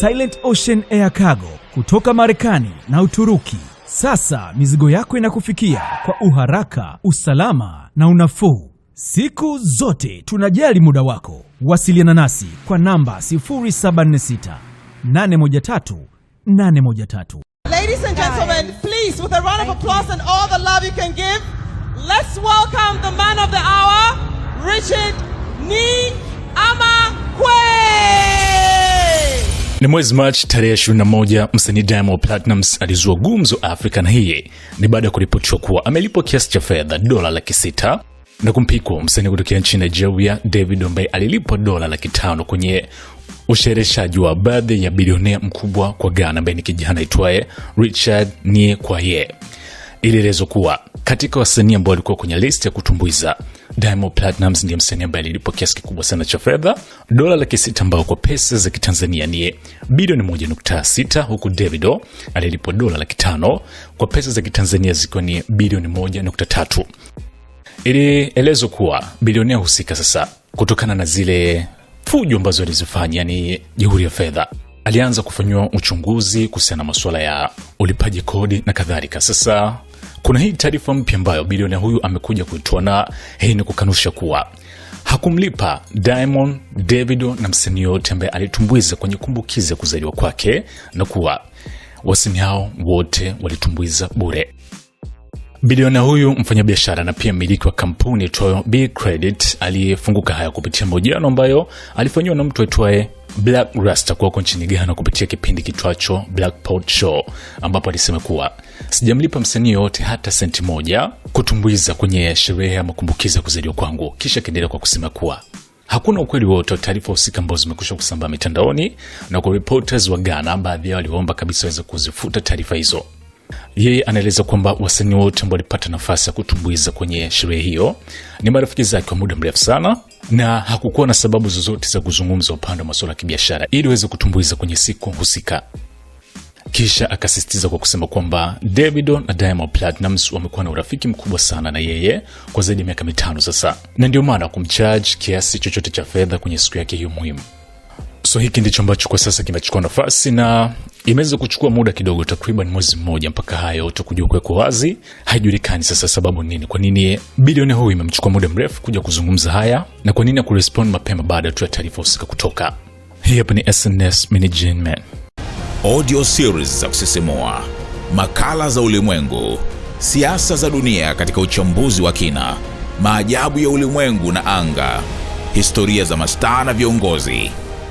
Silent Ocean Air Cargo kutoka Marekani na Uturuki. Sasa mizigo yako inakufikia kwa uharaka, usalama na unafuu. Siku zote tunajali muda wako. Wasiliana nasi kwa namba 076 813 813. Ladies and gentlemen, please with a round of applause and all the love you can give, let's welcome the man of the hour, Richard Nee Ni mwezi Machi tarehe 21, msanii Diamond platnams alizua gumzo Afrika, na hii ni baada ya kuripotiwa kuwa amelipwa kiasi cha fedha dola laki sita na kumpikwa msanii kutokea nchini Nigeria David ambaye alilipwa dola laki tano kwenye ushereshaji wa baadhi ya bilionea mkubwa kwa Ghana ambaye ni kijana aitwaye Richard kwa Kwaye ilielezwa kuwa katika wasanii ambao walikuwa kwenye list ya kutumbuiza, Diamond Platnumz ndiye msanii ambaye alilipwa kiasi kikubwa sana cha fedha, dola laki sita ambayo kwa pesa za Kitanzania ni bilioni 1.6, huku Davido alilipwa dola laki tano kwa pesa za Kitanzania zikiwa ni bilioni 1.3. Ilielezwa kuwa bilionea husika sasa, kutokana na zile fujo ambazo alizifanya, ni jeuri ya fedha alianza kufanyiwa uchunguzi kuhusiana na masuala ya ulipaji kodi na kadhalika. Sasa kuna hii taarifa mpya ambayo bilionea huyu amekuja kuitoa, na hii ni kukanusha kuwa hakumlipa Diamond, Davido na msanii yoyote ambaye alitumbuiza kwenye kumbukizi ya kuzaliwa kwake, na kuwa wasanii hao wote walitumbuiza bure. Bilionea huyu mfanyabiashara na pia mmiliki wa kampuni itwayo B Credit aliyefunguka haya kupitia mahojiano ambayo alifanyiwa na mtu aitwaye Black Rasta kuwako nchini Ghana kupitia kipindi kitwacho Blackpot Show, ambapo alisema kuwa sijamlipa msanii yoyote hata senti moja kutumbuiza kwenye sherehe ya makumbukizi ya kuzaliwa kwangu. Kisha akaendelea kwa kusema kuwa hakuna ukweli wote wa taarifa husika ambazo zimekwisha kusambaa mitandaoni, na kwa reporters wa Ghana, baadhi yao waliomba kabisa waweze kuzifuta taarifa hizo. Yeye anaeleza kwamba wasanii wote ambao walipata nafasi ya kutumbuiza kwenye sherehe hiyo ni marafiki zake wa muda mrefu sana, na hakukuwa na sababu zozote za kuzungumza upande wa masuala ya kibiashara ili aweze kutumbuiza kwenye siku husika. Kisha akasisitiza kwa kusema kwamba Davido na Diamond Platnumz wamekuwa na urafiki mkubwa sana na yeye kwa zaidi ya miaka mitano sasa, na ndio maana kumchaji kiasi chochote cha fedha kwenye siku yake hiyo muhimu. So hiki ndicho ambacho kwa sasa kimechukua nafasi, na imeweza kuchukua muda kidogo, takriban mwezi mmoja mpaka haya yote kujua kuwekwa wazi. Haijulikani sasa sababu nini, kwa nini bilioni huyu imemchukua muda mrefu kuja kuzungumza haya na kwa nini kurespond mapema baada tu ya taarifa husika kutoka. Hii hapa ni SNS Managing Man, audio series za kusisimua, makala za ulimwengu, siasa za dunia katika uchambuzi wa kina, maajabu ya ulimwengu na anga, historia za mastaa na viongozi